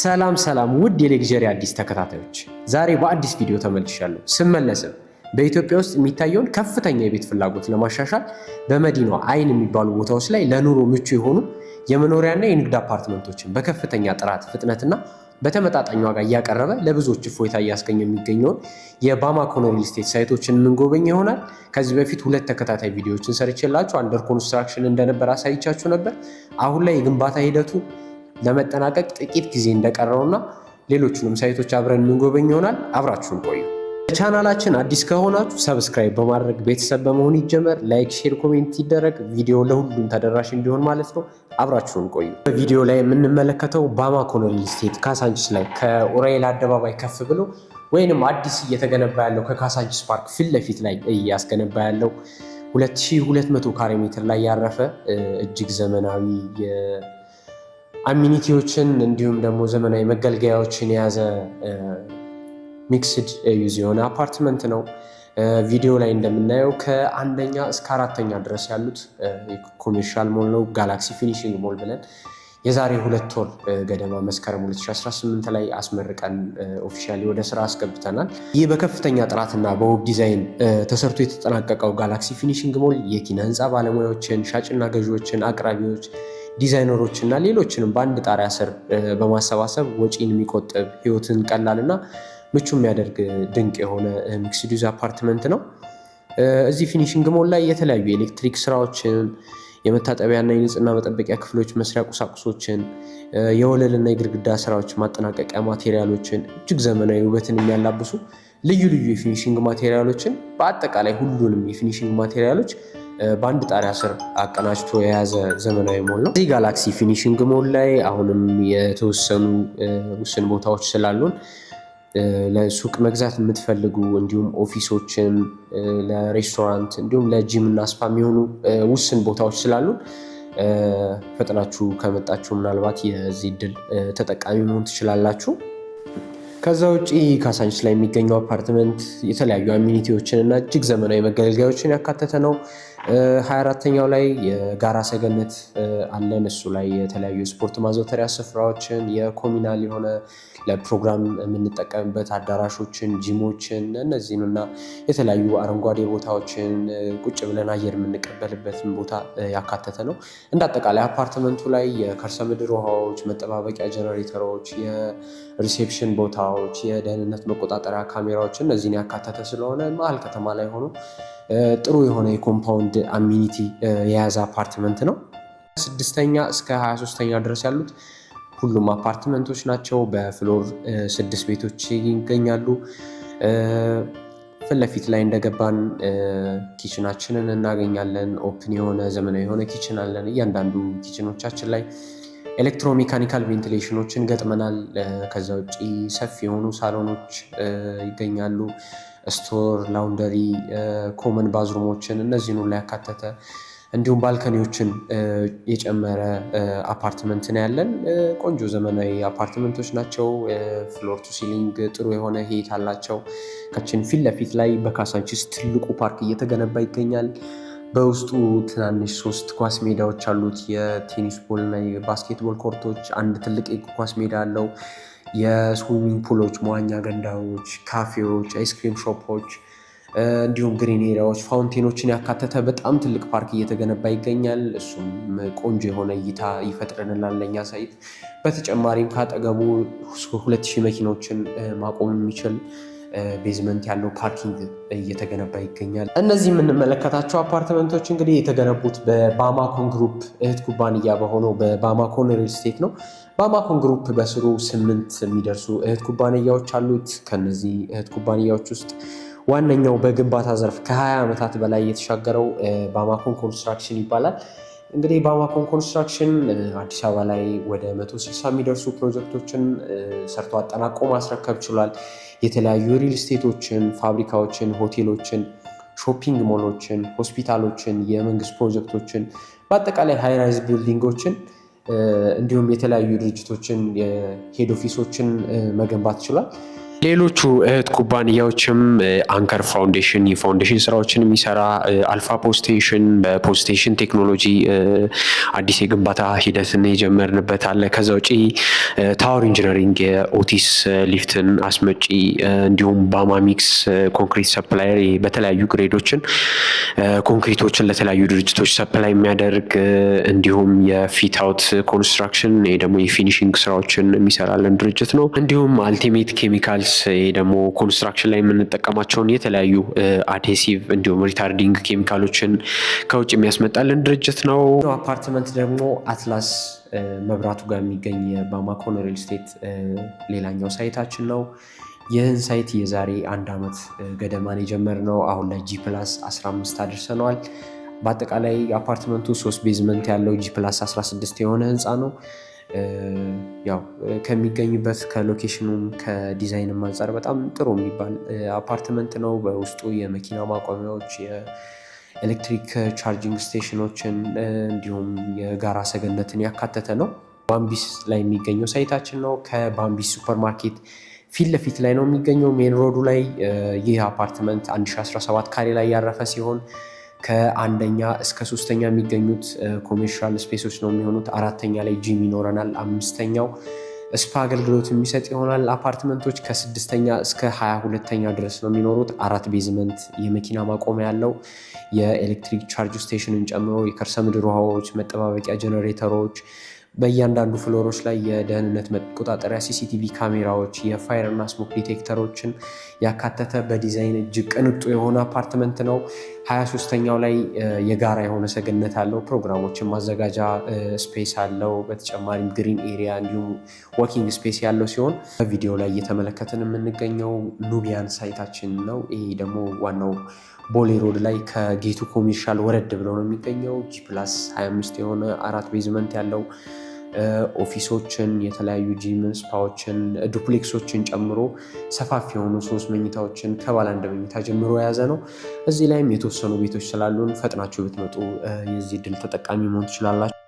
ሰላም ሰላም ውድ የሌግዠሪ አዲስ ተከታታዮች፣ ዛሬ በአዲስ ቪዲዮ ተመልሻለሁ። ስመለስም በኢትዮጵያ ውስጥ የሚታየውን ከፍተኛ የቤት ፍላጎት ለማሻሻል በመዲናዋ አይን የሚባሉ ቦታዎች ላይ ለኑሮ ምቹ የሆኑ የመኖሪያና የንግድ አፓርትመንቶችን በከፍተኛ ጥራት፣ ፍጥነትና በተመጣጣኝ ዋጋ እያቀረበ ለብዙዎች እፎይታ እያስገኘ የሚገኘውን የባማኮ ሪል ስቴት ሳይቶችን የምንጎበኝ ይሆናል። ከዚህ በፊት ሁለት ተከታታይ ቪዲዮዎችን ሰርቼላችሁ አንደር ኮንስትራክሽን እንደነበር አሳይቻችሁ ነበር። አሁን ላይ የግንባታ ሂደቱ ለመጠናቀቅ ጥቂት ጊዜ እንደቀረውና ሌሎቹንም ሳይቶች አብረን የምንጎበኝ ይሆናል። አብራችሁን ቆዩ። ቻናላችን አዲስ ከሆናችሁ ሰብስክራይብ በማድረግ ቤተሰብ በመሆን ይጀመር። ላይክ፣ ሼር፣ ኮሜንት ይደረግ። ቪዲዮ ለሁሉም ተደራሽ እንዲሆን ማለት ነው። አብራችሁን ቆዩ። በቪዲዮ ላይ የምንመለከተው ባማኮ ሪል ስቴት ካሳንችስ ላይ ከኡራኤል አደባባይ ከፍ ብሎ ወይንም አዲስ እየተገነባ ያለው ከካሳንችስ ፓርክ ፊት ለፊት ላይ እያስገነባ ያለው 2200 ካሬ ሜትር ላይ ያረፈ እጅግ ዘመናዊ አሚኒቲዎችን እንዲሁም ደግሞ ዘመናዊ መገልገያዎችን የያዘ ሚክስድ ዩዝ የሆነ አፓርትመንት ነው። ቪዲዮ ላይ እንደምናየው ከአንደኛ እስከ አራተኛ ድረስ ያሉት ኮሜርሻል ሞል ነው። ጋላክሲ ፊኒሽንግ ሞል ብለን የዛሬ ሁለት ወር ገደማ መስከረም 2018 ላይ አስመርቀን ኦፊሻሊ ወደ ስራ አስገብተናል። ይህ በከፍተኛ ጥራትና በውብ ዲዛይን ተሰርቶ የተጠናቀቀው ጋላክሲ ፊኒሽንግ ሞል የኪነ ህንፃ ባለሙያዎችን፣ ሻጭና ገዢዎችን፣ አቅራቢዎች ዲዛይነሮች እና ሌሎችንም በአንድ ጣሪያ ስር በማሰባሰብ ወጪን የሚቆጥብ ህይወትን ቀላል እና ምቹ የሚያደርግ ድንቅ የሆነ ሚክስድ ዩዝ አፓርትመንት ነው። እዚህ ፊኒሽንግ ሞል ላይ የተለያዩ የኤሌክትሪክ ስራዎችን፣ የመታጠቢያና የንጽህና መጠበቂያ ክፍሎች መስሪያ ቁሳቁሶችን፣ የወለልና የግድግዳ ስራዎች ማጠናቀቂያ ማቴሪያሎችን፣ እጅግ ዘመናዊ ውበትን የሚያላብሱ ልዩ ልዩ የፊኒሽንግ ማቴሪያሎችን በአጠቃላይ ሁሉንም የፊኒሽንግ ማቴሪያሎች በአንድ ጣሪያ ስር አቀናጅቶ የያዘ ዘመናዊ ሞል ነው። እዚህ ጋላክሲ ፊኒሽንግ ሞል ላይ አሁንም የተወሰኑ ውስን ቦታዎች ስላሉን ለሱቅ መግዛት የምትፈልጉ እንዲሁም ኦፊሶችን ለሬስቶራንት እንዲሁም ለጂም እና ስፓ የሚሆኑ ውስን ቦታዎች ስላሉን ፈጥናችሁ ከመጣችሁ ምናልባት የዚህ ድል ተጠቃሚ መሆን ትችላላችሁ። ከዛ ውጭ ካሳንችስ ላይ የሚገኘው አፓርትመንት የተለያዩ አሚኒቲዎችን እና እጅግ ዘመናዊ መገልገያዎችን ያካተተ ነው። ሀያ አራተኛው ላይ የጋራ ሰገነት አለን። እሱ ላይ የተለያዩ የስፖርት ማዘውተሪያ ስፍራዎችን የኮሚናል የሆነ ለፕሮግራም የምንጠቀምበት አዳራሾችን፣ ጂሞችን እነዚህን እና የተለያዩ አረንጓዴ ቦታዎችን ቁጭ ብለን አየር የምንቀበልበትን ቦታ ያካተተ ነው። እንደ አጠቃላይ አፓርትመንቱ ላይ የከርሰ ምድር ውሃዎች፣ መጠባበቂያ ጀነሬተሮች፣ የሪሴፕሽን ቦታዎች፣ የደህንነት መቆጣጠሪያ ካሜራዎች እነዚህን ያካተተ ስለሆነ መሀል ከተማ ላይ ሆኖ ጥሩ የሆነ የኮምፓውንድ አሚኒቲ የያዘ አፓርትመንት ነው። ስድስተኛ እስከ 23 ሶስተኛ ድረስ ያሉት ሁሉም አፓርትመንቶች ናቸው። በፍሎር ስድስት ቤቶች ይገኛሉ። ፊት ለፊት ላይ እንደገባን ኪችናችንን እናገኛለን። ኦፕን የሆነ ዘመናዊ የሆነ ኪችን አለን። እያንዳንዱ ኪችኖቻችን ላይ ኤሌክትሮሜካኒካል ቬንቲሌሽኖችን ገጥመናል። ከዛ ውጭ ሰፊ የሆኑ ሳሎኖች ይገኛሉ። ስቶር፣ ላውንደሪ፣ ኮመን ባዝሩሞችን እነዚህን ሁሉ ያካተተ እንዲሁም ባልከኒዎችን የጨመረ አፓርትመንት ነው ያለን። ቆንጆ ዘመናዊ አፓርትመንቶች ናቸው። ፍሎር ቱ ሲሊንግ ጥሩ የሆነ ሄት አላቸው። ካችን ፊት ለፊት ላይ በካሳንቺስ ትልቁ ፓርክ እየተገነባ ይገኛል። በውስጡ ትናንሽ ሶስት ኳስ ሜዳዎች አሉት። የቴኒስ ቦል እና የባስኬትቦል ኮርቶች፣ አንድ ትልቅ ኳስ ሜዳ አለው። የስዊሚንግ ፑሎች፣ መዋኛ ገንዳዎች፣ ካፌዎች፣ አይስክሪም ሾፖች እንዲሁም ግሪን ኤሪያዎች ፋውንቴኖችን ያካተተ በጣም ትልቅ ፓርክ እየተገነባ ይገኛል። እሱም ቆንጆ የሆነ እይታ ይፈጥርልናል ለኛ ሳይት። በተጨማሪም ከአጠገቡ ሁለት ሺህ መኪኖችን ማቆም የሚችል ቤዝመንት ያለው ፓርኪንግ እየተገነባ ይገኛል። እነዚህ የምንመለከታቸው አፓርትመንቶች እንግዲህ የተገነቡት በባማኮን ግሩፕ እህት ኩባንያ በሆነው በባማኮን ሪል ስቴት ነው። ባማኮን ግሩፕ በስሩ ስምንት የሚደርሱ እህት ኩባንያዎች አሉት። ከነዚህ እህት ኩባንያዎች ውስጥ ዋነኛው በግንባታ ዘርፍ ከ20 ዓመታት በላይ የተሻገረው ባማኮን ኮንስትራክሽን ይባላል። እንግዲህ ባዋኮን ኮንስትራክሽን አዲስ አበባ ላይ ወደ 160 የሚደርሱ ፕሮጀክቶችን ሰርቶ አጠናቆ ማስረከብ ችሏል። የተለያዩ ሪል ስቴቶችን፣ ፋብሪካዎችን፣ ሆቴሎችን፣ ሾፒንግ ሞሎችን፣ ሆስፒታሎችን፣ የመንግስት ፕሮጀክቶችን በአጠቃላይ ሃይራይዝ ቢልዲንጎችን እንዲሁም የተለያዩ ድርጅቶችን የሄድ ኦፊሶችን መገንባት ችሏል። ሌሎቹ እህት ኩባንያዎችም አንከር ፋውንዴሽን የፋውንዴሽን ስራዎችን የሚሰራ አልፋ ፖስቴሽን በፖስቴሽን ቴክኖሎጂ አዲስ የግንባታ ሂደትን የጀመርንበት አለ። ከዛ ውጪ ታወር ኢንጂነሪንግ የኦቲስ ሊፍትን አስመጪ እንዲሁም ባማሚክስ ኮንክሪት ሰፕላየር በተለያዩ ግሬዶችን ኮንክሪቶችን ለተለያዩ ድርጅቶች ሰፕላይ የሚያደርግ እንዲሁም የፊት አውት ኮንስትራክሽን ደግሞ የፊኒሽንግ ስራዎችን የሚሰራለን ድርጅት ነው። እንዲሁም አልቲሜት ኬሚካል ፕላስ ይሄ ደግሞ ኮንስትራክሽን ላይ የምንጠቀማቸውን የተለያዩ አድሄሲቭ እንዲሁም ሪታርዲንግ ኬሚካሎችን ከውጭ የሚያስመጣልን ድርጅት ነው። አፓርትመንት ደግሞ አትላስ መብራቱ ጋር የሚገኝ የባማኮን ሪል ስቴት ሌላኛው ሳይታችን ነው። ይህን ሳይት የዛሬ አንድ ዓመት ገደማን የጀመርነው አሁን ላይ ጂ ፕላስ 15 አድርሰነዋል። በአጠቃላይ አፓርትመንቱ ሶስት ቤዝመንት ያለው ጂ ፕላስ 16 የሆነ ህንፃ ነው። ያው ከሚገኝበት ከሎኬሽኑም ከዲዛይንም አንጻር በጣም ጥሩ የሚባል አፓርትመንት ነው። በውስጡ የመኪና ማቆሚያዎች፣ የኤሌክትሪክ ቻርጂንግ ስቴሽኖችን እንዲሁም የጋራ ሰገነትን ያካተተ ነው። ባምቢስ ላይ የሚገኘው ሳይታችን ነው። ከባምቢስ ሱፐርማርኬት ፊት ለፊት ላይ ነው የሚገኘው ሜን ሮዱ ላይ። ይህ አፓርትመንት 1017 ካሬ ላይ ያረፈ ሲሆን ከአንደኛ እስከ ሶስተኛ የሚገኙት ኮሜርሻል ስፔሶች ነው የሚሆኑት። አራተኛ ላይ ጂም ይኖረናል። አምስተኛው ስፓ አገልግሎት የሚሰጥ ይሆናል። አፓርትመንቶች ከስድስተኛ እስከ ሀያ ሁለተኛ ድረስ ነው የሚኖሩት። አራት ቤዝመንት፣ የመኪና ማቆሚያ ያለው፣ የኤሌክትሪክ ቻርጅ ስቴሽንን ጨምሮ የከርሰ ምድር ውሃዎች፣ መጠባበቂያ ጀኔሬተሮች በእያንዳንዱ ፍሎሮች ላይ የደህንነት መቆጣጠሪያ ሲሲቲቪ ካሜራዎች፣ የፋይር እና ስሞክ ዲቴክተሮችን ያካተተ በዲዛይን እጅግ ቅንጡ የሆነ አፓርትመንት ነው። ሀያ ሶስተኛው ላይ የጋራ የሆነ ሰገነት አለው። ፕሮግራሞችን ማዘጋጃ ስፔስ አለው። በተጨማሪም ግሪን ኤሪያ እንዲሁም ወኪንግ ስፔስ ያለው ሲሆን በቪዲዮ ላይ እየተመለከትን የምንገኘው ኑቢያን ሳይታችን ነው። ይሄ ደግሞ ዋናው ቦሌ ሮድ ላይ ከጌቱ ኮሜርሻል ወረድ ብሎ ነው የሚገኘው። ጂ ፕላስ 25 የሆነ አራት ቤዝመንት ያለው ኦፊሶችን፣ የተለያዩ ጂምን፣ ስፓዎችን፣ ዱፕሌክሶችን ጨምሮ ሰፋፊ የሆኑ ሶስት መኝታዎችን ከባለ አንድ መኝታ ጀምሮ የያዘ ነው። እዚህ ላይም የተወሰኑ ቤቶች ስላሉን ፈጥናችሁ ብትመጡ የዚህ ድል ተጠቃሚ መሆን ትችላላችሁ።